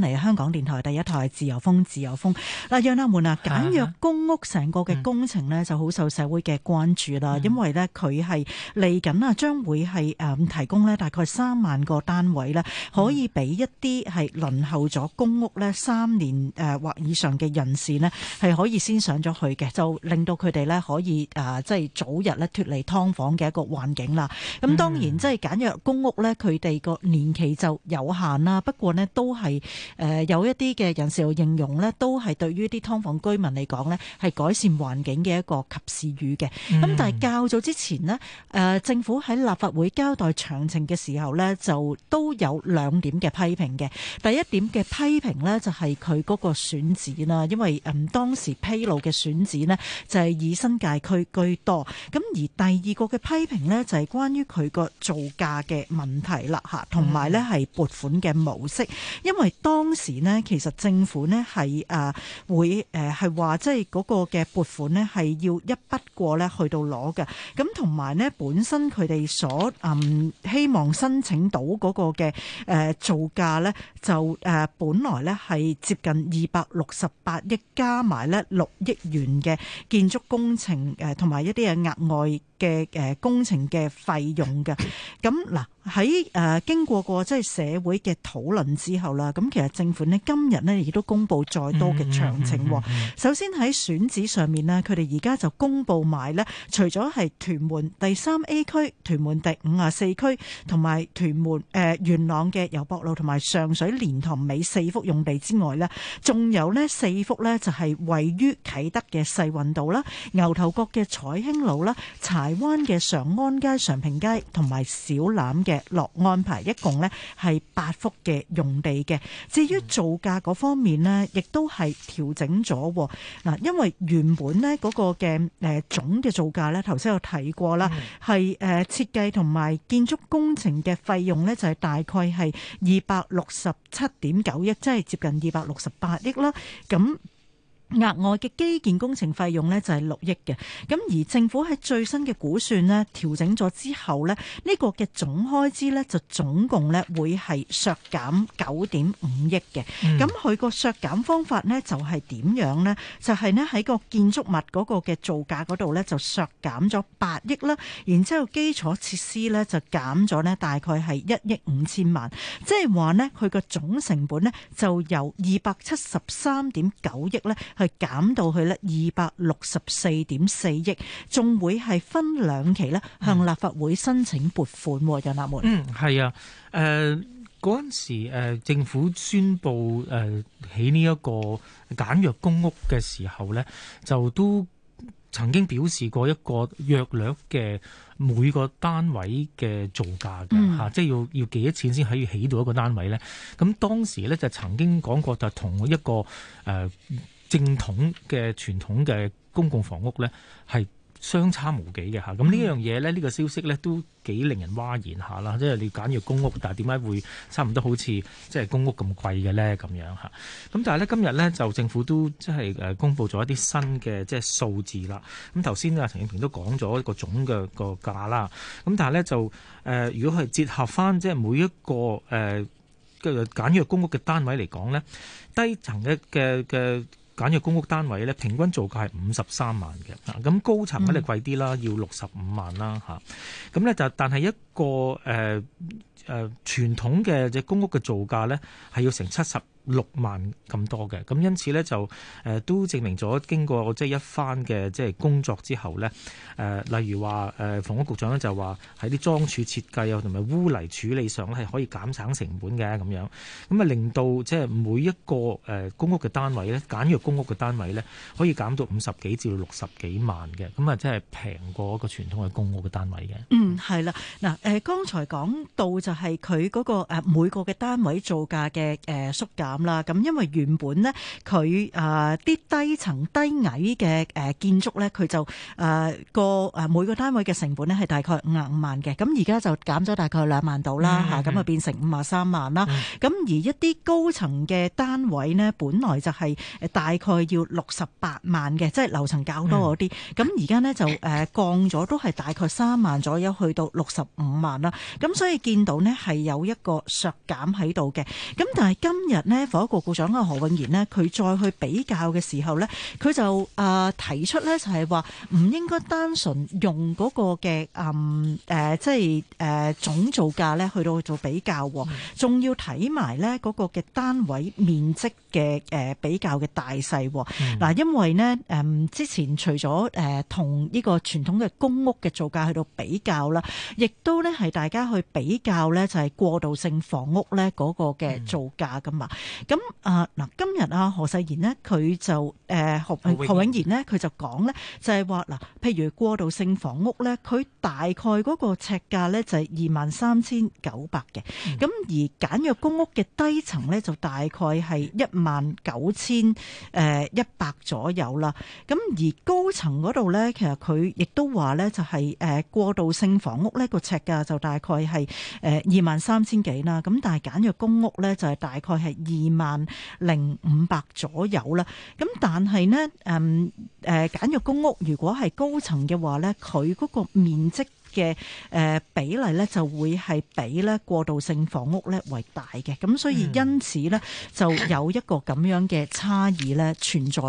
嚟香港電台第一台自由風自由風，嗱，讓阿門啊，簡約公屋成個嘅工程呢就好受社會嘅關注啦，嗯、因為呢，佢係嚟緊啊，將會係誒提供呢大概三萬個單位呢可以俾一啲係輪候咗公屋呢三年誒或以上嘅人士呢，係可以先上咗去嘅，就令到佢哋呢可以誒即係早日呢脫離劏房嘅一個環境啦。咁當然即係簡約公屋呢，佢哋個年期就有限啦，不過呢都係。誒、呃、有一啲嘅人士又形容呢都係對於啲劏房居民嚟講呢係改善環境嘅一個及時雨嘅。咁、嗯、但係較早之前呢、呃、政府喺立法會交代詳情嘅時候呢就都有兩點嘅批評嘅。第一點嘅批評呢，就係佢嗰個選址啦，因為誒當時披露嘅選址呢，就係、是、以新界區居多。咁而第二個嘅批評呢，就係、是、關於佢個造價嘅問題啦嚇，同埋呢係撥款嘅模式，因為當當時咧，其實政府咧係誒會誒係話，即係嗰個嘅撥款咧係要一筆過咧去到攞嘅。咁同埋咧，本身佢哋所誒、呃、希望申請到嗰個嘅誒、呃、造價呢就誒、呃、本來咧係接近二百六十八億加埋咧六億元嘅建築工程誒，同、呃、埋一啲嘅額外嘅誒、呃、工程嘅費用嘅。咁嗱。喺誒、呃、經過過即係社會嘅討論之後啦，咁其實政府咧今日咧亦都公布再多嘅詳情。嗯嗯嗯嗯嗯，首先喺選址上面咧，佢哋而家就公布埋咧，除咗係屯門第三 A 區屯門第五啊四區同埋屯門誒、呃、元朗嘅油博路同埋上水蓮塘尾四幅用地之外咧，仲有咧四幅咧就係位於啟德嘅世運道啦、牛頭角嘅彩興路啦、柴灣嘅常安街、常平街同埋小欖嘅。落安排，一共呢係八幅嘅用地嘅。至於造價嗰方面呢，亦都係調整咗嗱，因為原本呢嗰個嘅誒總嘅造價呢，頭先有提過啦，係誒設計同埋建築工程嘅費用呢，就係大概係二百六十七點九億，即係接近二百六十八億啦，咁。額外嘅基建工程費用呢，就係、是、六億嘅，咁而政府喺最新嘅估算呢，調整咗之後呢，呢、這個嘅總開支呢，就總共呢，會係削減九點五億嘅。咁佢個削減方法呢，就係、是、點樣呢？就係呢，喺個建築物嗰個嘅造價嗰度呢，就削減咗八億啦，然之後基礎設施呢，就減咗、就是、呢，大概係一億五千萬，即係話呢，佢個總成本呢，就由二百七十三點九億呢。係減到去呢二百六十四點四億，仲會係分兩期呢向立法會申請撥款，遊客們。嗯，係啊、嗯，誒嗰陣時政府宣布誒起呢一個簡約公屋嘅時候呢，就都曾經表示過一個約略嘅每個單位嘅造價嘅嚇、嗯啊，即係要要幾多錢先可以起到一個單位呢？咁當時呢，就曾經講過就同一個誒。呃正統嘅傳統嘅公共房屋咧，係相差無幾嘅嚇。咁呢樣嘢咧，呢、這個消息咧都幾令人嘩然下啦。即係你簡約公屋，但係點解會差唔多好似即係公屋咁貴嘅咧？咁樣嚇。咁但係咧，今日咧就政府都即係誒公佈咗一啲新嘅即係數字啦。咁頭先啊，陳健平都講咗一個總嘅個價啦。咁但係咧就誒、呃，如果係折合翻即係每一個誒嘅、呃、簡約公屋嘅單位嚟講咧，低層嘅嘅嘅。簡約公屋單位咧，平均造價係五十三萬嘅，咁高層肯定貴啲啦，要六十五萬啦嚇。咁咧就，但係一個誒誒、呃呃、傳統嘅只公屋嘅造價咧，係要成七十六萬咁多嘅，咁因此咧就誒都證明咗經過即係一番嘅即係工作之後咧，誒例如話誒房屋局長咧就話喺啲樁柱設計啊同埋污泥處理上咧係可以減省成本嘅咁樣，咁啊令到即係每一個誒公屋嘅單位咧，簡約公屋嘅單位咧，可以減到五十幾至到六十幾萬嘅，咁啊即係平過一個傳統嘅公屋嘅單位嘅。嗯，係啦，嗱誒，剛才講到就係佢嗰個每個嘅單位造價嘅誒縮減。啦，咁因為原本呢，佢啊啲低層低矮嘅誒建築呢，佢就誒個誒每個單位嘅成本呢，係大概五十五萬嘅。咁而家就減咗大概兩萬度啦，嚇咁啊變成五十三萬啦。咁、mm hmm. 而一啲高層嘅單位呢，本來就係誒大概要六十八萬嘅，即係樓層較多嗰啲。咁而家呢，hmm. 就誒降咗，都係大概三萬左右，去到六十五萬啦。咁所以見到呢，係有一個削減喺度嘅。咁但係今日呢。房屋局局長啊何永賢呢，佢再去比較嘅時候咧，佢就啊、呃、提出咧就係話唔應該單純用嗰個嘅誒、嗯呃、即係誒、呃、總造價咧去到做比較，仲要睇埋咧嗰個嘅單位面積嘅誒、呃、比較嘅大細。嗱，因為呢，誒、呃、之前除咗誒同呢個傳統嘅公屋嘅造價去到比較啦，亦都咧係大家去比較咧就係過渡性房屋咧嗰個嘅造價噶嘛。咁啊嗱，今日啊何世賢咧，佢就誒、呃、何何永賢咧，佢就講咧，就係話嗱，譬如過渡性房屋咧，佢大概嗰個尺價咧就係二萬三千九百嘅。咁而簡約公屋嘅低層咧就大概係一萬九千誒一百左右啦。咁而高層嗰度咧，其實佢亦都話咧就係、是、誒過渡性房屋咧、個尺價就大概係誒二萬三千幾啦。咁但係簡約公屋咧就係、是、大概係二。二萬零五百左右啦，咁但係咧，誒誒，簡約公屋如果係高層嘅話咧，佢個面積嘅誒比例咧就會係比咧過渡性房屋咧為大嘅，咁所以因此咧就有一個咁樣嘅差異咧存在，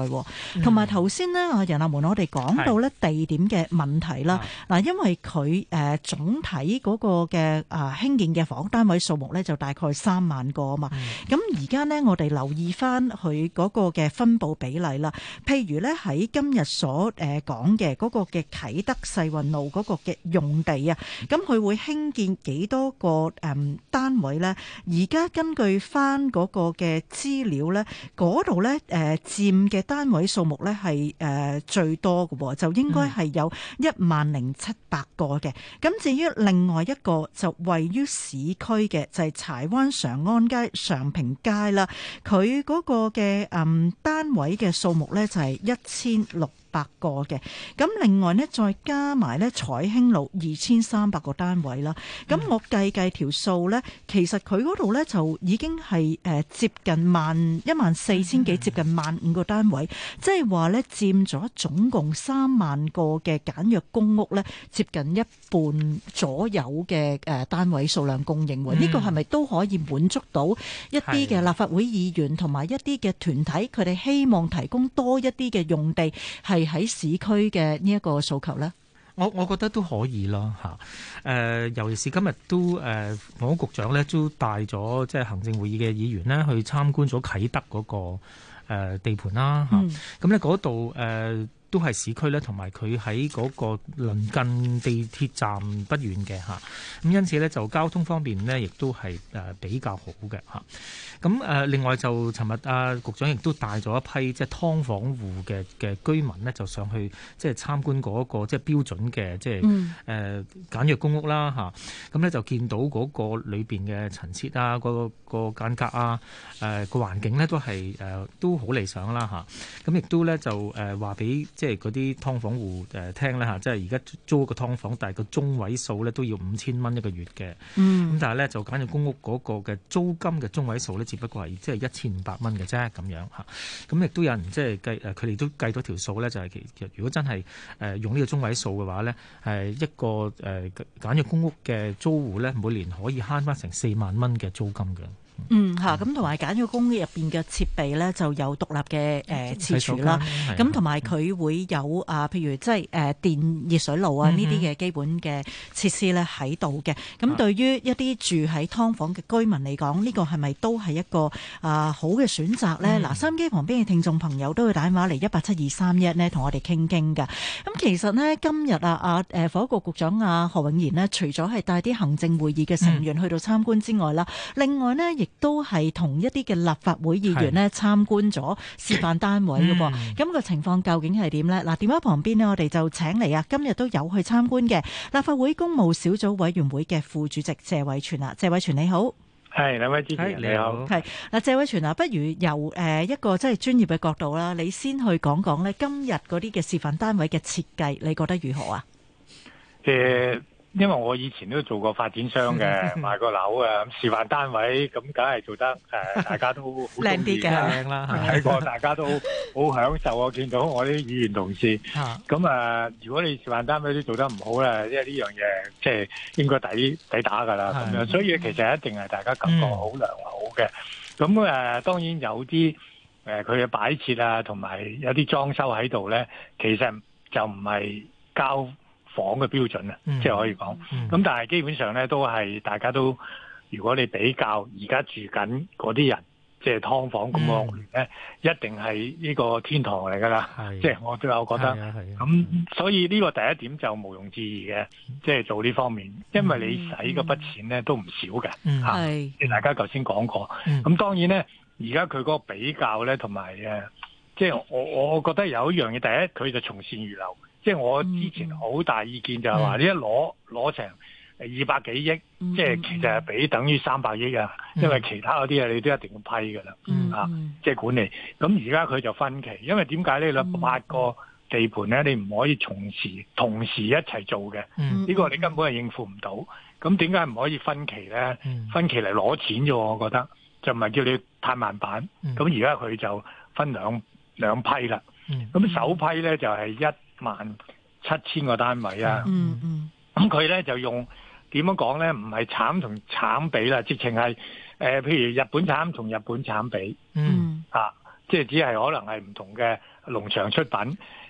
同埋頭先咧阿仁阿門我哋講到咧地點嘅問題啦，嗱是因為佢誒總體嗰個嘅啊興建嘅房屋單位數目咧就大概三萬個啊嘛，咁而家咧我哋留意翻佢嗰個嘅分佈比例啦，譬如咧喺今日所誒講嘅嗰個嘅啟德世運路嗰個嘅用、嗯。地啊，咁佢會興建幾多個誒、嗯、單位呢？而家根據返嗰個嘅資料呢嗰度咧誒佔嘅單位數目咧係誒最多嘅，就應該係有一萬零七百個嘅。咁至於另外一個就位於市區嘅，就係、是、柴灣常安街、常平街啦。佢嗰個嘅誒、嗯、單位嘅數目呢，就係一千六。百個嘅，咁另外呢再加埋呢，彩興路二千三百個單位啦，咁我計計條數呢，其實佢嗰度呢就已經係誒接近萬一萬四千幾，接近萬五個單位，即係話呢佔咗總共三萬個嘅簡約公屋呢，接近一半左右嘅誒單位數量供應喎。呢個係咪都可以滿足到一啲嘅立法會議員同埋一啲嘅團體，佢哋希望提供多一啲嘅用地係？喺市區嘅呢一個訴求咧，我我覺得都可以咯。吓，誒，尤其是今日都誒，黃局長咧都帶咗即係行政會議嘅議員咧去參觀咗啟德嗰個誒地盤啦，吓，咁咧嗰度誒。都係市區咧，同埋佢喺嗰個鄰近地鐵站不遠嘅嚇，咁因此咧就交通方面咧，亦都係誒比較好嘅嚇。咁誒另外就尋日啊局長亦都帶咗一批即係劏房戶嘅嘅居民呢，就上去即係參觀嗰個即係標準嘅即係誒簡約公屋啦嚇。咁咧就見到嗰個裏邊嘅陳設啊，嗰個個間隔啊，誒個環境呢，都係誒都好理想啦嚇。咁亦都咧就誒話俾。即係嗰啲劏房戶誒、呃、聽咧嚇、啊，即係而家租個劏房，但係個中位數咧都要五千蚊一個月嘅。嗯，咁但係咧就簡約公屋嗰個嘅租金嘅中位數咧，只不過係即係一千五百蚊嘅啫咁樣嚇。咁亦都有人即係計誒，佢哋都計到條數咧，就係其實如果真係誒、呃、用呢個中位數嘅話咧，係一個誒簡約公屋嘅租戶咧，每年可以慳翻成四萬蚊嘅租金嘅。嗯吓，咁同埋簡約公屋入邊嘅設備咧，就有獨立嘅誒廁所啦。咁同埋佢會有啊，譬如即係誒電熱水爐啊呢啲嘅基本嘅設施咧喺度嘅。咁、嗯嗯嗯、對於一啲住喺劏房嘅居民嚟講，呢個係咪都係一個啊、呃、好嘅選擇咧？嗱、嗯，收音機旁邊嘅聽眾朋友都會打電話嚟一八七二三一咧，同我哋傾傾嘅。咁其實咧，今日啊，阿房屋局局長啊何永賢咧，除咗係帶啲行政會議嘅成員去到參觀之外啦，嗯、另外咧亦。都係同一啲嘅立法會議員咧參觀咗示範單位嘅噃，咁 個情況究竟係點呢？嗱，電話旁邊呢，我哋就請嚟啊，今日都有去參觀嘅立法會工務小組委員會嘅副主席謝偉銓啊，謝偉銓你好。係，兩位主持人你好，係。嗱，謝偉銓啊，不如由誒、呃、一個即係專業嘅角度啦，你先去講講咧今日嗰啲嘅示範單位嘅設計，你覺得如何啊？誒、呃。因為我以前都做過發展商嘅，賣過樓嘅， 示範單位咁，梗係做得誒、呃，大家都好靚啲嘅，睇過 大家都好享受，我見到我啲議員同事，咁啊、 呃，如果你示範單位都做得唔好咧，即係呢樣嘢，即、呃、係應該抵抵打噶啦。咁 樣，所以其實一定係大家感覺好良好嘅。咁誒、 呃，當然有啲誒，佢嘅擺設啊，同埋有啲裝修喺度咧，其實就唔係交房嘅標準啊，即係可以講。咁但係基本上咧，都係大家都，如果你比較而家住緊嗰啲人，即係劏房咁嘅咧，一定係呢個天堂嚟㗎啦。即係我對我覺得，咁所以呢個第一點就毋庸置疑嘅，即係做呢方面，因為你使嗰筆錢咧都唔少嘅。嚇，即大家頭先講過。咁當然咧，而家佢嗰個比較咧，同埋誒，即係我我覺得有一樣嘢，第一佢就從善如流。即係我之前好大意見就係話，你一攞攞成二百幾億，嗯、即係其實係俾等於三百億㗎，嗯、因為其他嗰啲嘢你都一定要批噶啦，嗯、啊，即係管理。咁而家佢就分期，因為點解呢？嗯、八個地盤咧，你唔可以同時同時一齊做嘅，呢、嗯、個你根本係應付唔到。咁點解唔可以分期咧？分期嚟攞錢啫，我覺得就唔係叫你太慢版。咁而家佢就分兩兩批啦。咁首批咧就係一。萬七千個單位啊，咁佢咧就用點樣講咧？唔係產同產比啦，直情係誒，譬如日本產同日本產比，吓、嗯啊，即係只係可能係唔同嘅農場出品。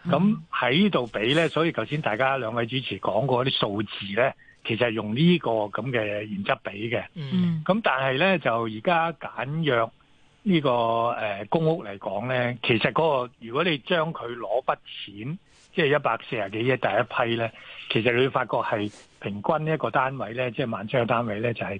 咁喺、嗯、呢度比咧，所以頭先大家兩位主持講過啲數字咧，其實係用呢個呢、嗯、係呢個咁嘅原則比嘅。咁但係咧就而家簡約呢、呢個誒、呃、公屋嚟講咧，其實嗰、嗰個如果你將佢攞筆錢。即係一百四十幾億第一批咧，其實你會發覺係平均一個單位咧，即係萬七個單位咧，就係、是、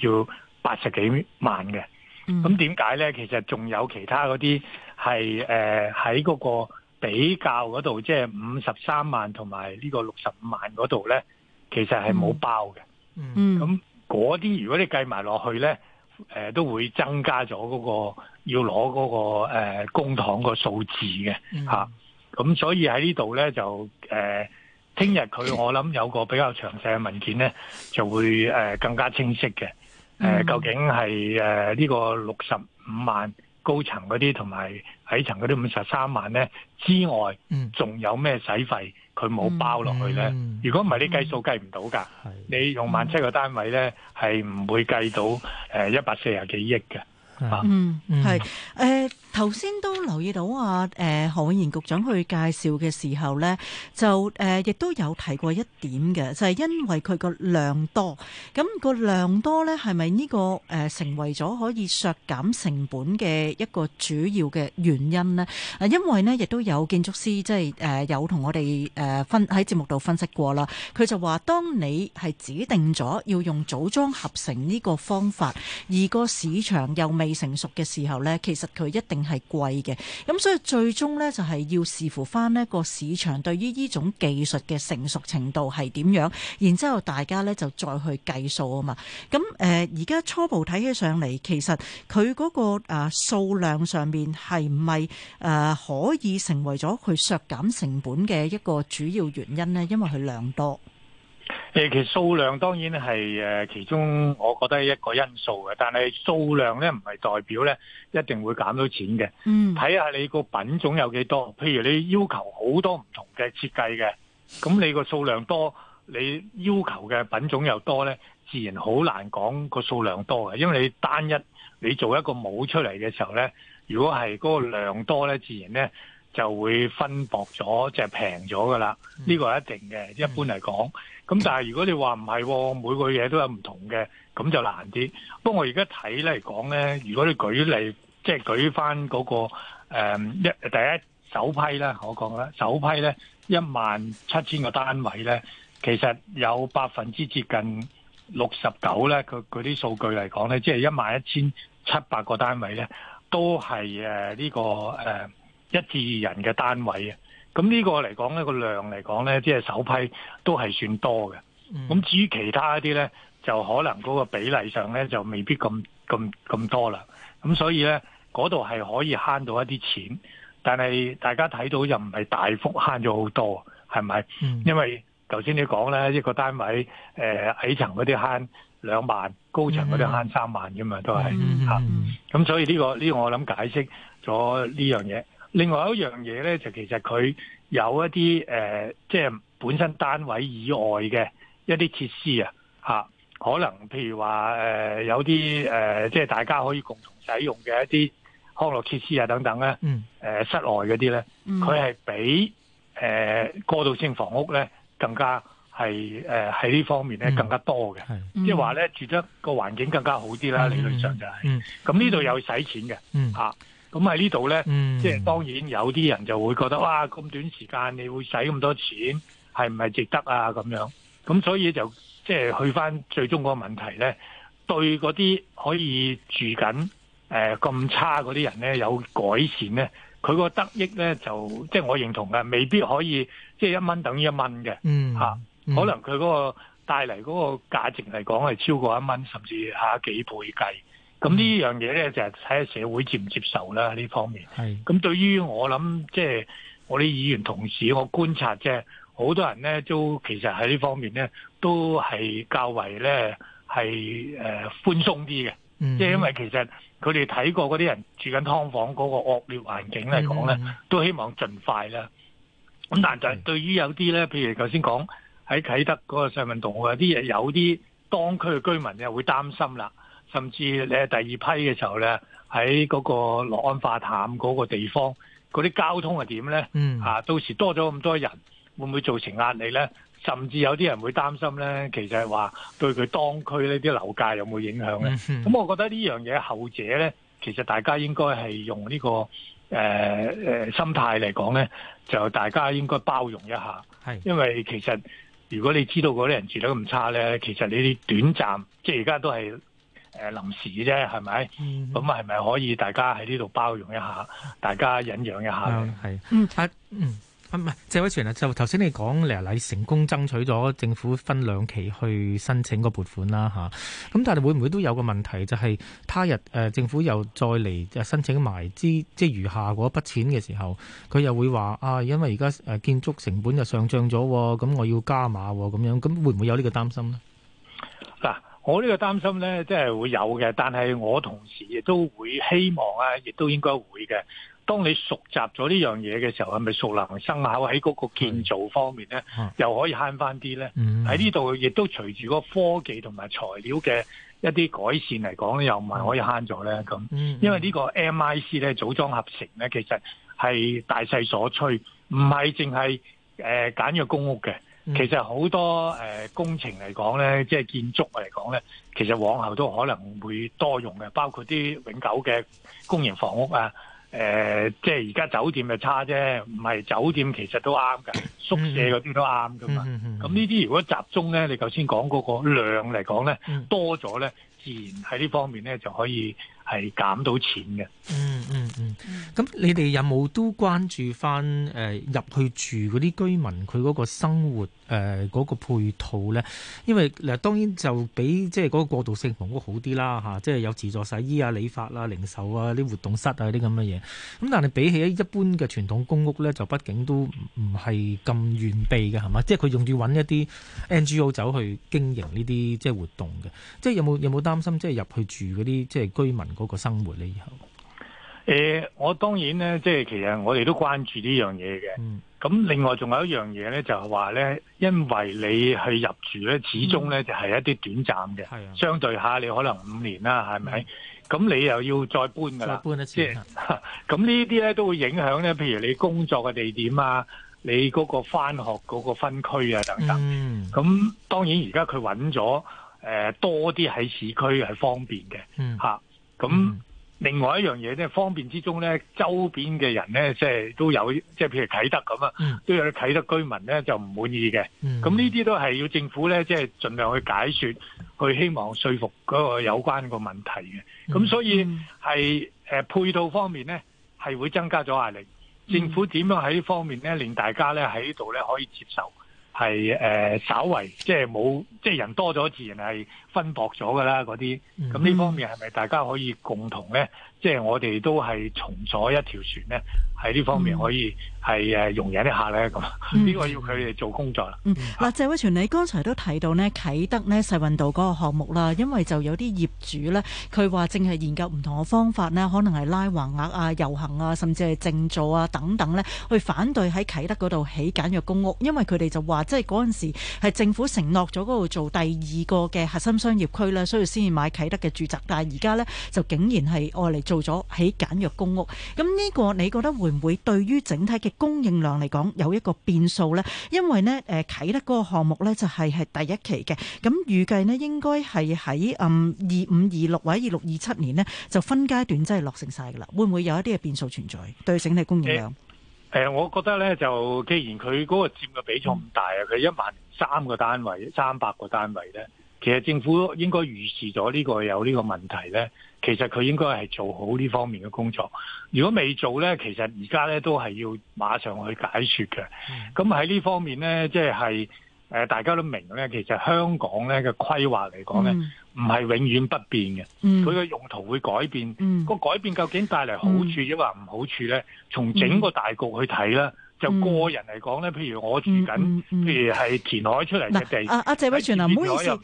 叫八十幾萬嘅。咁點解咧？其實仲有其他嗰啲係誒喺嗰個比較嗰度，即係五十三萬同埋呢個六十五萬嗰度咧，其實係冇包嘅。咁嗰啲如果你計埋落去咧，誒、呃、都會增加咗嗰、那個要攞嗰、那個誒、呃、公帑個數字嘅嚇。嗯咁所以喺呢度咧就誒，聽日佢我諗有個比較詳細嘅文件咧，就會誒、呃、更加清晰嘅。誒、嗯，呃，究竟係誒呢個六十五萬高層嗰啲，同埋喺層嗰啲五十三萬咧之外，仲、嗯、有咩使費佢冇包落去咧？如果唔係，你計數計唔到噶係、嗯、你用萬七個單位咧，係唔會計到誒一百四十幾億嘅。呃、億是啊，嗯，係誒。呃頭先都留意到啊，誒何永賢局長去介紹嘅時候呢，就誒亦都有提過一點嘅，就係、是、因為佢個量多，咁個量多呢，係咪呢個誒成為咗可以削減成本嘅一個主要嘅原因呢？因為呢，亦都有建築師即係誒有同我哋誒分喺節目度分析過啦，佢就話：當你係指定咗要用組裝合成呢個方法，而個市場又未成熟嘅時候呢，其實佢一定係貴嘅，咁所以最終呢，就係要視乎翻呢個市場對於呢種技術嘅成熟程度係點樣，然之後大家呢，就再去計數啊嘛。咁誒，而家初步睇起上嚟，其實佢嗰個誒數量上面係咪誒可以成為咗佢削減成本嘅一個主要原因呢？因為佢量多。誒，其實數量當然係誒，其中我覺得一個因素嘅，但係數量咧唔係代表咧，一定會減到錢嘅。嗯，睇下你個品種有幾多，譬如你要求好多唔同嘅設計嘅，咁你個數量多，你要求嘅品種又多咧，自然好難講個數量多嘅。因為你單一你做一個模出嚟嘅時候咧，如果係嗰個量多咧，自然咧。就會分薄咗，即係平咗噶啦，呢、嗯、個係一定嘅，嗯、一般嚟講。咁但係如果你話唔係，每個嘢都有唔同嘅，咁就難啲。不過我而家睇嚟講呢，如果你舉例，即、就、係、是、舉翻嗰、那個一、嗯、第一首批呢，我講啦，首批呢一萬七千個單位呢，其實有百分之接近六十九呢，佢啲數據嚟講呢，即係一萬一千七百個單位呢，都係呢、這個、嗯一至二人嘅單位啊，咁呢個嚟講，呢個量嚟講呢，即係首批都係算多嘅。咁、嗯、至於其他一啲呢，就可能嗰個比例上呢，就未必咁咁咁多啦。咁所以呢，嗰度係可以慳到一啲錢，但係大家睇到又唔係大幅慳咗好多，係咪？嗯、因為頭先你講呢，一個單位誒、呃、矮層嗰啲慳兩萬，高層嗰啲慳三萬嘅嘛，都係嚇。咁所以呢、這個呢、這個我諗解釋咗呢樣嘢。另外一樣嘢咧，就其實佢有一啲即係本身單位以外嘅一啲設施啊，可能譬如話、呃、有啲即係大家可以共同使用嘅一啲康樂設施啊，等等咧、呃，室外嗰啲咧，佢係比、呃、過渡性房屋咧更加係誒喺呢方面咧更加多嘅，即係話咧住得個環境更加好啲啦，理論上就係、是，咁呢度有使錢嘅，嗯啊咁喺呢度咧，即係、嗯、當然有啲人就會覺得，哇！咁短時間你會使咁多錢，係唔係值得啊？咁樣，咁所以就即係、就是、去翻最終嗰個問題咧，對嗰啲可以住緊咁、呃、差嗰啲人咧有改善咧，佢個得益咧就即係、就是、我認同嘅，未必可以即係一蚊等於一蚊嘅嚇，可能佢嗰個帶嚟嗰個價值嚟講係超過一蚊，甚至下幾倍計。咁呢樣嘢咧，就係睇下社會接唔接受啦。呢方面，咁是對於我諗，即、就、係、是、我啲議員同事，我觀察即、就、好、是、多人咧，都其實喺呢方面咧，都係較為咧係、呃、寬鬆啲嘅。即係、嗯、因為其實佢哋睇過嗰啲人住緊劏房嗰個惡劣環境嚟講咧，嗯、都希望盡快啦。咁、嗯、但係對於有啲咧，譬如頭先講喺啟德嗰個上文同有啲嘢，有啲當區嘅居民又會擔心啦。甚至你係第二批嘅時候咧，喺嗰個樂安化淡嗰個地方，嗰啲交通係點咧？嗯、mm. 啊，嚇到時多咗咁多人，會唔會造成壓力咧？甚至有啲人會擔心咧，其實係話對佢當區呢啲樓價有冇影響咧？咁、mm hmm. 我覺得呢樣嘢後者咧，其實大家應該係用呢、呢個誒誒、呃、心態嚟講咧，就大家應該包容一下。係，mm. 因為其實如果你知道嗰啲人住得咁差咧，其實你啲短暫即係而家都係。誒，臨時嘅啫，係咪？咁係咪可以大家喺呢度包容一下，大家忍讓一下嘅？係、嗯，嗯，係，唔係，謝偉銓啊，就頭先你講嚟嚟，成功爭取咗政府分兩期去申請個撥款啦，吓，咁但係會唔會都有個問題，就係、是、他日誒政府又再嚟申請埋之即係餘下嗰筆筆錢嘅時候，佢又會話啊，因為而家誒建築成本就上漲咗，咁我要加碼咁樣，咁會唔會有呢個擔心呢？我呢個擔心呢，即係會有嘅，但係我同時亦都會希望啊，亦都應該會嘅。當你熟習咗呢樣嘢嘅時候，係咪熟能生巧喺嗰個建造方面呢，又可以慳翻啲呢。喺呢度亦都隨住個科技同埋材料嘅一啲改善嚟講，又唔係可以慳咗呢。咁，因為呢個 MIC 呢，組裝合成呢，其實係大勢所趨，唔係淨係誒簡約公屋嘅。嗯、其實好多誒、呃、工程嚟講咧，即係建築嚟講咧，其實往後都可能會多用嘅，包括啲永久嘅公營房屋啊，誒、呃，即係而家酒店嘅差啫，唔係酒店其實都啱㗎，嗯、宿舍嗰啲都啱噶嘛。咁呢啲如果集中咧，你頭先講嗰個量嚟講咧，嗯、多咗咧，自然喺呢方面咧就可以係減到錢嘅、嗯。嗯嗯。嗯，咁你哋有冇都關注翻入去住嗰啲居民佢嗰個生活嗰、呃嗰個配套咧？因為嗱、呃，當然就比即係嗰個過渡性房屋好啲啦，啊、即係有自助洗衣啊、理髮啊、零售啊、啲活動室啊啲咁嘅嘢。咁但係比起一般嘅傳統公屋咧，就畢竟都唔係咁完備嘅，係嘛？即係佢仲要揾一啲 N G O 走去經營呢啲即係活動嘅。即係有冇有冇擔心即係入去住嗰啲即係居民嗰個生活咧？以誒、欸，我當然咧，即係其實我哋都關注呢樣嘢嘅。咁、嗯、另外仲有一樣嘢咧，就係話咧，因為你去入住咧，始終咧就係一啲短暫嘅。嗯、相對下，你可能五年啦，係咪？咁、嗯、你又要再搬噶啦，再搬一次咁，呢啲咧都會影響咧。譬如你工作嘅地點啊，你嗰個返學嗰個分區啊等等。咁、嗯、當然而家佢揾咗誒多啲喺市區係方便嘅。咁、嗯。啊另外一樣嘢咧，方便之中咧，周邊嘅人咧，即係都有，即係譬如啟德咁啊，嗯、都有啲啟德居民咧就唔滿意嘅。咁呢啲都係要政府咧，即係盡量去解說，去希望說服嗰個有關個問題嘅。咁所以係、呃、配套方面咧，係會增加咗壓力。政府點樣喺呢方面咧，令大家咧喺呢度咧可以接受，係誒、呃、稍為即係冇，即係人多咗自然係。分薄咗㗎啦，嗰啲咁呢方面係咪大家可以共同咧？嗯、即係我哋都係從咗一條船咧，喺呢方面可以係誒容忍一下咧。咁呢、嗯呢個要佢哋做工作啦。嗯，嗱，謝偉銓，你剛才都提到咧啟德咧世運道嗰個項目啦，因為就有啲業主咧，佢話淨係研究唔同嘅方法咧，可能係拉橫額啊、遊行啊，甚至係靜坐啊等等咧，去反對喺啟德嗰度起簡約公屋，因為佢哋就話即係嗰陣時係政府承諾咗嗰度做第二個嘅核心。商業區啦，所以先至買啟德嘅住宅，但係而家呢，就竟然係愛嚟做咗起簡約公屋。咁呢個你覺得會唔會對於整體嘅供應量嚟講有一個變數呢？因為呢，誒啟德嗰個項目呢，就係、係、係第一期嘅，咁預計呢，應該係喺嗯二五二六或者二六二七年呢，就分階段真係落成晒噶啦。會唔會有一啲嘅變數存在對整體供應量？誒、呃呃，我覺得呢，就既然佢嗰個佔嘅比重唔大啊，佢一萬三個單位三百個單位呢。其實政府應該預示咗呢個有呢個問題呢。其實佢應該係做好呢方面嘅工作。如果未做呢，其實而家呢都係要馬上去解決嘅。咁喺呢方面呢，即係誒、呃、大家都明咧，其實香港呢嘅規劃嚟講呢，唔係永遠不變嘅。佢嘅、嗯、用途會改變，個、嗯、改變究竟帶嚟好處抑或唔好處呢？從整個大局去睇呢。就個人嚟講咧，嗯、譬如我住緊，嗯嗯、譬如係填海出嚟嘅地，啊啊謝偉銓啊，唔、啊啊、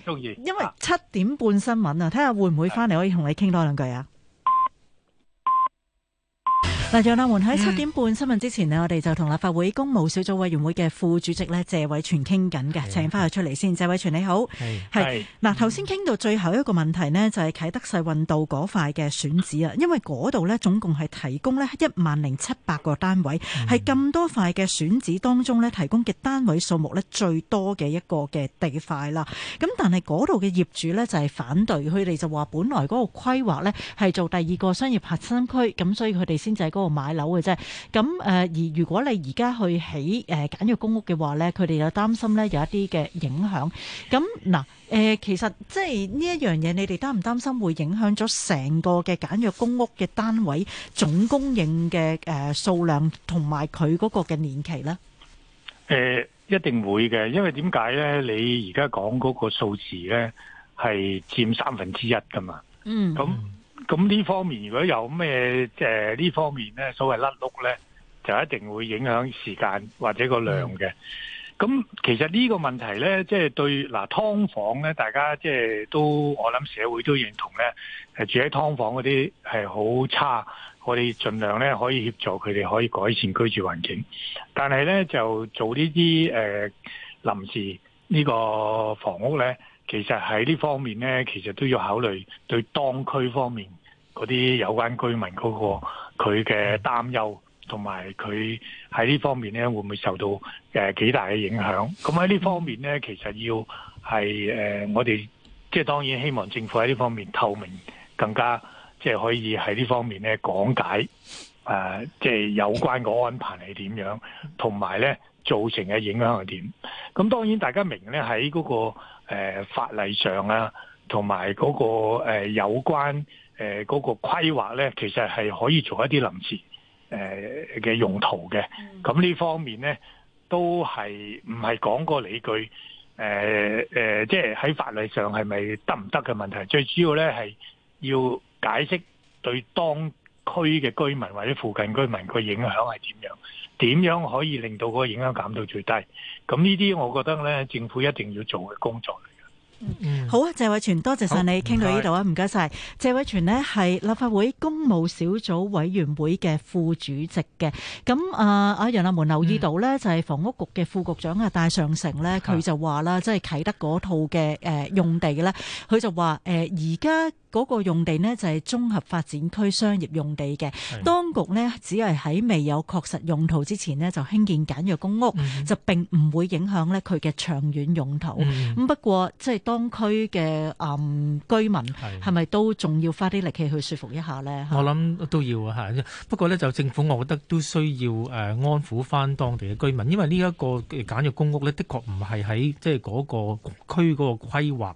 好意思，因為七點半新聞啊，睇下、啊、會唔會翻嚟可以同你傾多兩句啊。嗱，楊立滿喺七點半新聞之前呢，嗯、我哋就同立法會工務小組委員會嘅副主席咧，謝偉銓傾緊嘅，啊、請翻佢出嚟先。謝偉銓你好，係嗱是，頭先傾到最後一個問題呢，就係啟德世運道嗰塊嘅選址啊，因為嗰度咧總共係提供咧一萬零七百個單位，係咁、嗯、多塊嘅選址當中咧提供嘅單位數目咧最多嘅一個嘅地塊啦。咁但係嗰度嘅業主咧就係反對，佢哋就話本來嗰個規劃咧係做第二個商業核心區，咁所以佢哋先就個買樓嘅啫，咁誒，而如果你而家去起誒簡約公屋嘅話咧，佢哋又擔心咧有一啲嘅影響。咁嗱，誒，其實即係呢一樣嘢，你哋擔唔擔心會影響咗成個嘅簡約公屋嘅單位總供應嘅誒數量，同埋佢嗰個嘅年期咧？誒，一定會嘅，因為點解咧？你而家講嗰個數字咧，係佔三分之一㗎嘛？嗯，咁。咁呢方面如果有咩誒呢方面咧，所謂甩碌咧，就一定會影響時間或者個量嘅。咁、嗯、其實呢個問題咧，即、就、係、是、對嗱劏、啊、房咧，大家即係都我諗社會都認同咧，係住喺劏房嗰啲係好差，我哋盡量咧可以協助佢哋可以改善居住環境。但係咧就做呢啲誒臨時呢個房屋咧，其實喺呢方面咧，其實都要考慮對當區方面。嗰啲有關居民嗰、那個佢嘅擔憂，同埋佢喺呢方面咧會唔會受到誒、呃、幾大嘅影響？咁喺呢方面咧，其實要係誒、呃、我哋即係當然希望政府喺呢方面透明，更加即係可以喺呢方面咧講解誒即係有關嘅安排係點樣，同埋咧造成嘅影響係點。咁當然大家明咧喺嗰個、呃、法例上啊，同埋嗰個、呃、有關。誒，嗰、呃嗰個規劃咧，其實係可以做一啲臨時誒嘅、呃、用途嘅。咁呢方面咧，都係唔係講過理據，誒、呃、誒、呃，即係喺法律上係咪得唔得嘅問題？最主要咧係要解釋對當區嘅居民或者附近居民個影響係點樣？點樣可以令到嗰個影響減到最低？咁呢啲，我覺得咧，政府一定要做嘅工作。嗯、好啊，謝偉銓，多謝晒你傾到呢度啊，唔該晒。謝偉銓呢係立法會工務小組委員會嘅副主席嘅。咁啊，阿楊立門留意到呢，嗯、就係房屋局嘅副局長啊戴尚誠呢，佢就話啦，即係啟德嗰套嘅誒用地呢，佢就話誒而家。呃嗰個用地呢，就係、是、綜合發展區商業用地嘅。當局呢只係喺未有確實用途之前呢就興建簡約公屋，嗯、哼就並唔會影響咧佢嘅長遠用途。咁、嗯、哼不過即係、就是、當區嘅、嗯、居民係咪都仲要花啲力氣去說服一下呢？我諗都要啊嚇。不過呢，就政府，我覺得都需要誒安撫翻當地嘅居民，因為呢一個簡約公屋呢，的確唔係喺即係嗰個區嗰個規劃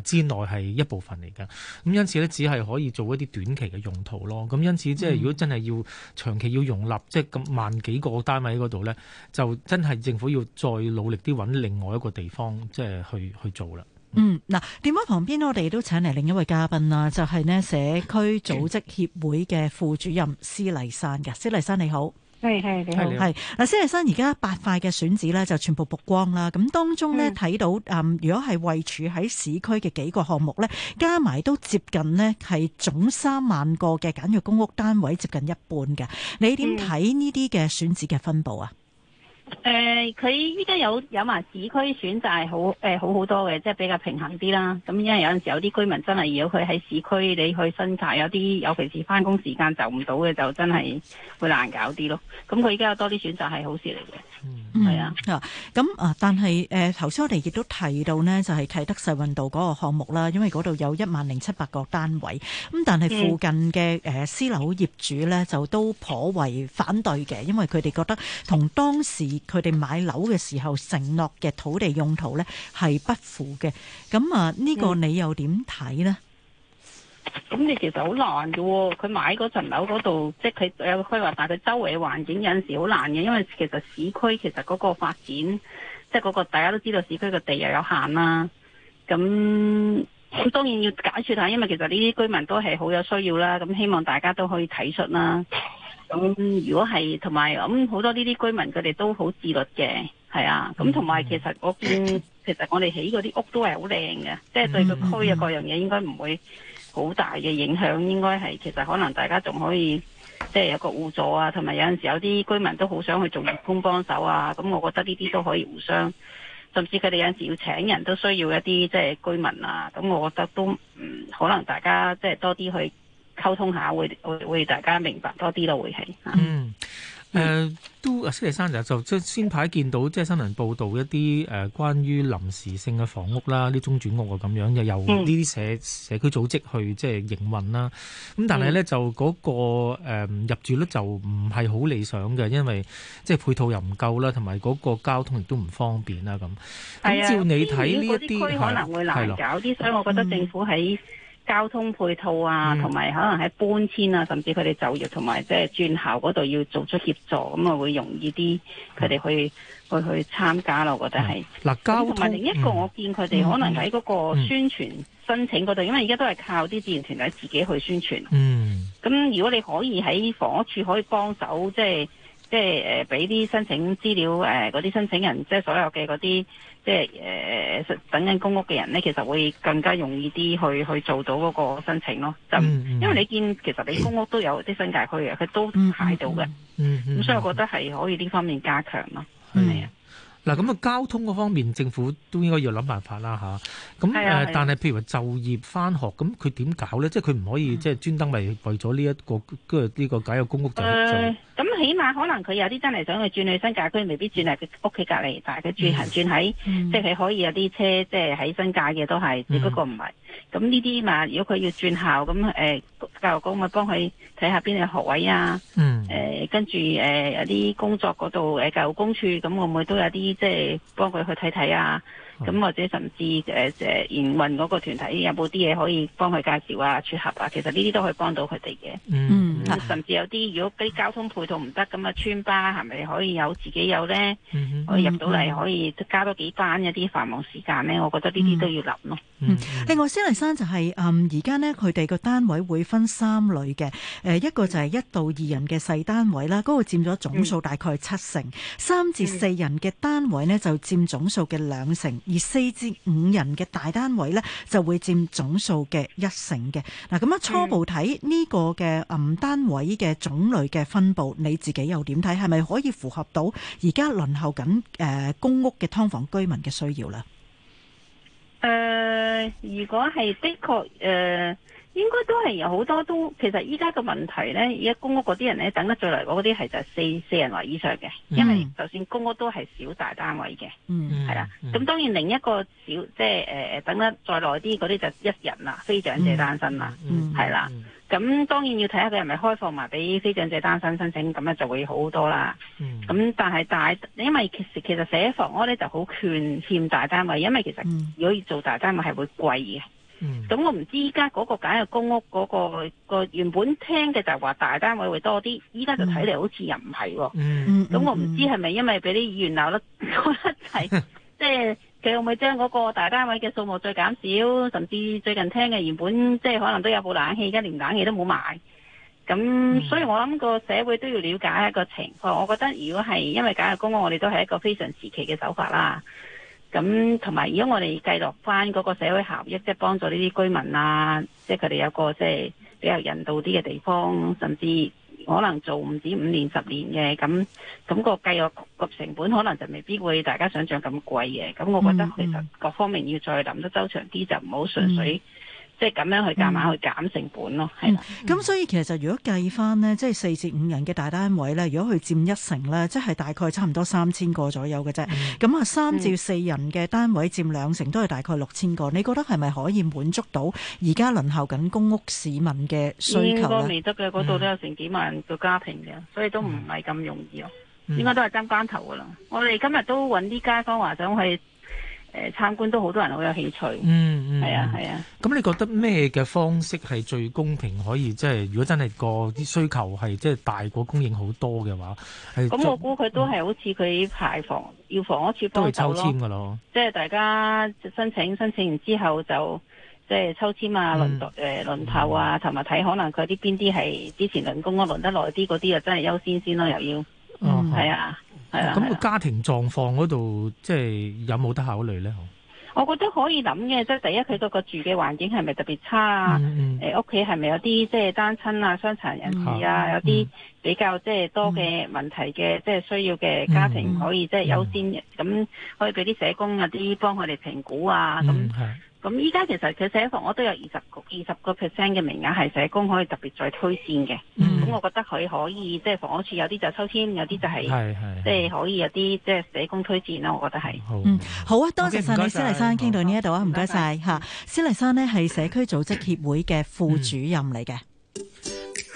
之內係一部分嚟㗎。咁因此咧，只係可以做一啲短期嘅用途咯。咁因此，即係如果真係要長期要容納，即係咁萬幾個單位嗰度咧，就真係政府要再努力啲揾另外一個地方，即係去去做啦。嗯，嗱，電話旁邊我哋都請嚟另一位嘉賓啦，就係呢社區組織協會嘅副主任施麗珊嘅，施麗珊你好。係係，你好，係，嗱，星期三而家八塊嘅選址咧就全部曝光啦。咁當中咧睇到，嗯的，如果係位處喺市區嘅幾個項目咧，加埋都接近呢係總三萬個嘅簡約公屋單位接近一半嘅。你點睇呢啲嘅選址嘅分布啊？的誒，佢依家有有埋市區選擇係好，誒、呃，好好多嘅，即係比較平衡啲啦。咁因為有陣時有啲居民真係要佢喺市區，你去新界有啲，尤其是翻工時間就唔到嘅，就真係會難搞啲咯。咁佢依家有多啲選擇係好事嚟嘅，係、嗯、啊。咁啊、嗯嗯，但係誒、頭、呃、先我哋亦都提到呢，就係、是、啟德世運道嗰個項目啦，因為嗰度有一萬零七百個單位，咁但係附近嘅誒、嗯呃、私樓業主呢，就都頗為反對嘅，因為佢哋覺得同當時。佢哋買樓嘅時候承諾嘅土地用途呢係不符嘅，咁啊呢個你又點睇呢？咁你、嗯、其實好難嘅，佢買嗰層樓嗰度，即係佢有個規劃，但係佢周圍嘅環境有陣時好難嘅，因為其實市區其實嗰個發展，即係嗰個大家都知道，市區嘅地又有限啦，咁當然要解決一下，因為其實呢啲居民都係好有需要啦，咁希望大家都可以體恤啦。咁、嗯、如果係，同埋咁好多呢啲居民佢哋都好自律嘅，係啊。咁同埋其實我邊，其實我哋起嗰啲屋都係好靚嘅，即係對個區啊各樣嘢應該唔會好大嘅影響。應該係其實可能大家仲可以即係有個互助啊，同埋有陣時有啲居民都好想去做義工幫手啊。咁我覺得呢啲都可以互相，甚至佢哋有陣時要請人都需要一啲即係居民啊。咁我覺得都嗯可能大家即係多啲去，溝通下會會會大家明白多啲咯，會係嗯誒、嗯、都啊，施麗珊就即係先排見到即係新聞報道一啲誒、呃、關於臨時性嘅房屋啦，啲中轉屋啊咁樣又由呢啲社、嗯、社區組織去即係營運啦。咁但係咧、嗯、就嗰、那個、呃、入住率就唔係好理想嘅，因為即係配套又唔夠啦，同埋嗰個交通亦都唔方便啦咁。係啊，照你睇呢嗰啲區可能會難搞啲，所以我覺得政府喺交通配套啊，同埋可能喺搬遷啊，甚至佢哋就業同埋即係轉校嗰度要做出協助，咁啊會容易啲，佢哋、嗯、去去去參加咯、啊，我覺得係。嗱、嗯啊，交通同埋另一個，我見佢哋可能喺嗰個宣傳申請嗰度，嗯嗯嗯、因為而家都係靠啲志願團體自己去宣傳。嗯，咁如果你可以喺房屋處可以幫手，即係即係誒，俾、就、啲、是呃、申請資料誒，嗰、呃、啲申請人即係、就是、所有嘅嗰啲。即係誒、呃，等緊公屋嘅人咧，其實會更加容易啲去去做到嗰個申請咯。就、嗯嗯、因為你見其實你公屋都有啲新界區嘅，佢都排到嘅、嗯。嗯咁、嗯嗯、所以我覺得係可以呢方面加強咯。係啊、嗯。嗱，咁啊、嗯、交通嗰方面，政府都應該要諗辦法啦吓。咁、啊、誒、啊啊、但係譬如話就業、翻學，咁佢點搞咧？即係佢唔可以、嗯、即係專登嚟為咗呢一個，跟住呢個解約公屋就。呃起碼可能佢有啲真係想去轉去新界區，未必轉嚟屋企隔籬，但係佢轉行轉喺，嗯、即係可以有啲車，即係喺新界嘅都係，只不過唔係。咁呢啲嘛，如果佢要轉校，咁誒、呃，教育工咪幫佢睇下邊個學位啊，誒、嗯呃，跟住誒、呃、有啲工作嗰度誒，教育工處咁會唔會都有啲即係幫佢去睇睇啊？咁、嗯、或者甚至誒誒，營、呃、運嗰個團體有冇啲嘢可以幫佢介紹啊、撮合啊？其實呢啲都可以幫到佢哋嘅。嗯，甚至有啲如果啲交通配套唔得咁啊，村巴係咪可以有自己有呢？嗯嗯、可以入到嚟可以加多幾班一啲繁忙時間呢，我覺得呢啲都要諗咯、嗯。嗯，另外，施麗珊就係誒而家呢，佢哋個單位會分三類嘅。誒、呃、一個就係一到二人嘅細單位啦，嗰、那個佔咗總數大概七成；嗯、三至四人嘅單位呢，就佔總數嘅兩成。而四至五人嘅大單位呢，就會佔總數嘅一成嘅。嗱，咁樣初步睇呢個嘅啊單位嘅種類嘅分佈，你自己又點睇？係咪可以符合到而家輪候緊誒、呃、公屋嘅劏房居民嘅需要呢？誒、呃，如果係的確誒。呃應該都係有好多都。其實依家個問題咧，而家公屋嗰啲人咧等得最耐，嗰啲係就係四四人或以上嘅，因為就算公屋都係少大單位嘅，係啦。咁當然另一個少即係誒誒，等得再耐啲嗰啲就一人啦，非長者單身啦，係啦。咁當然要睇下佢係咪開放埋俾非長者單身申請，咁樣就會好好多啦。咁、嗯、但係大，因為其實其實寫房屋咧就好勸欠大單位，因為其實、嗯、如果要做大單位係會貴嘅。咁、嗯、我唔知依家嗰個簡約公屋嗰、那個、那個原本聽嘅就係話大單位會多啲，依家就睇嚟，好似又唔係喎。咁我唔知係咪因為俾啲議員鬧得一齊，即係佢會唔會將嗰個大單位嘅數目再減少，甚至最近聽嘅原本即係、就是、可能都有部冷氣，而家連冷氣都冇買。咁、嗯、所以我諗個社會都要了解一個情況。我覺得如果係因為簡約公屋，我哋都係一個非常時期嘅手法啦。咁同埋，如果我哋計落翻嗰個社會效益，即係幫助呢啲居民啊，即係佢哋有個即係比較人道啲嘅地方，甚至可能做唔止五年、十年嘅，咁咁個計落個成本可能就未必會大家想象咁貴嘅。咁我覺得其實各方面要再諗得周詳啲，就唔好純粹、嗯。嗯即係咁樣去夾硬，硬去減成本咯，係啦。咁所以其實就如果計翻呢，即係四至五人嘅大單位咧，如果去佔一成咧，即、就、係、是、大概差唔多三千個左右嘅啫。咁啊、嗯，三至四人嘅單位佔兩成，都係大概六千個。嗯、你覺得係咪可以滿足到而家輪候緊公屋市民嘅需求咧？應該未得嘅，嗰度都有成幾萬個家庭嘅，所以都唔係咁容易咯、啊。嗯、應該都係爭崩頭噶啦。嗯、我哋今日都搵啲街坊話想去。誒參觀都好多人好有興趣，嗯嗯，係啊係啊。咁、啊嗯、你覺得咩嘅方式係最公平？可以即係如果真係個啲需求係即係大過供應好多嘅話，咁、嗯、我估佢都係好似佢排房，嗯、要房屋處都係抽籤㗎咯，即係大家申請申請完之後就即係、就是、抽籤啊，輪誒輪頭啊，同埋睇可能佢啲邊啲係之前輪工啊輪得耐啲嗰啲又真係優先先咯，又要，嗯，係啊。嗯咁、哦嗰個家庭狀況嗰度，即係有冇得考慮呢？我覺得可以諗嘅，即係第一，佢嗰個住嘅環境係咪特別差啊？誒、嗯，屋企係咪有啲即係單親啊、傷殘人士啊，嗯、有啲比較即係多嘅問題嘅，嗯、即係需要嘅家庭可以、嗯、即係優先，咁、嗯、可以俾啲社工啊、啲幫佢哋評估啊，咁。嗯咁依家其實佢寫房屋都有二十個二十個 percent 嘅名額係社工可以特別再推薦嘅。咁、嗯、我覺得佢可以即係、就是、房屋處有啲就抽籤，有啲就係係係，即係、嗯、可以有啲即係社工推薦咯，我覺得係。好，好啊，多謝晒你，施麗珊傾到呢一度啊，唔該晒。嚇謝，施麗珊呢係社區組織協會嘅副主任嚟嘅。嗯